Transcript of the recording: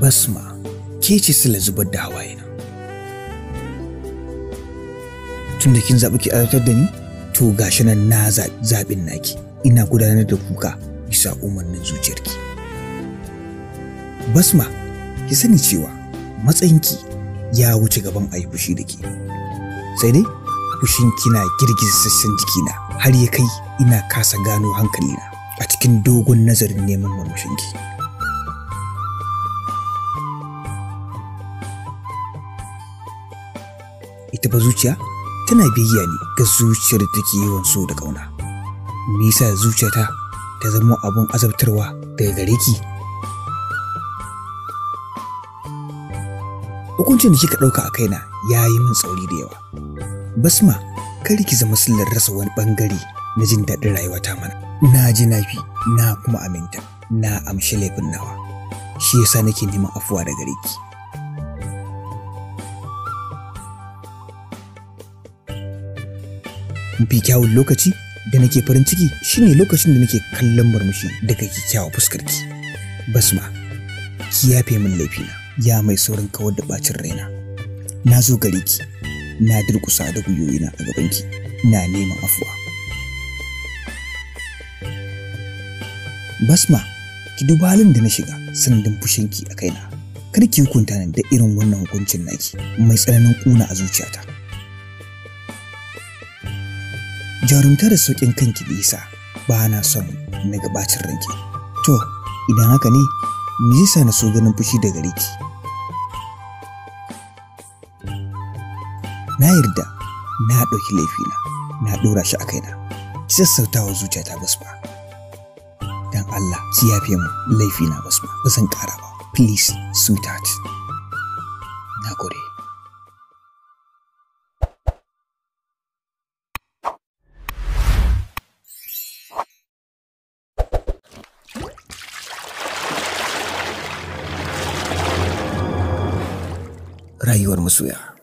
basma ke ce sila zubar da hawaye na tun da kin zaɓi ki azabtar da ni to gashi nan na zaɓin naki ina gudanar da kuka bisa umarnin zuciyarki basma ki sani cewa matsayinki ya wuce gaban a fushi da ke sai dai fushin kina girgiza sassan jikina har ya kai ina kasa gano hankalina a cikin dogon nazarin neman murmushinki ita ba zuciya tana biyayya ne ga zuciyar da take yawan so da ƙauna me yasa zuciyata ta zama abin azabtarwa daga gare ki hukuncin da kika ɗauka a kaina ya yi min tsauri da yawa basma kar ki zama sillar rasa wani ɓangare na jin daɗin rayuwata mana na ji nafi na kuma aminta na amshi laifin nawa shi yasa nake neman afuwa da gare ki bi kyawun lokaci da nake farin ciki shine lokacin da nake kallon murmushi daga ki. fuskarki basma ki yafe min laifina ya mai saurin kawar da bacin raina na zo gare ki na durkusa da gwiwoyina a gabanki na neman afuwa basma ki duba halin da na shiga sanadin fushinki a kaina kar ki hukunta ni da irin wannan hukuncin naki mai tsananin kuna a zuciyata jarumta da sauƙin kanki isa ba na son na gabacin ranke to idan haka ne me yasa na so ganin fushi da gare ki na yarda na ɗauki laifina na ɗora shi a kaina ki sassautawa zuciyata ba dan Allah ki yafe mu laifina ba ba zan ƙara ba please sweetheart na gode rayuwar masoya.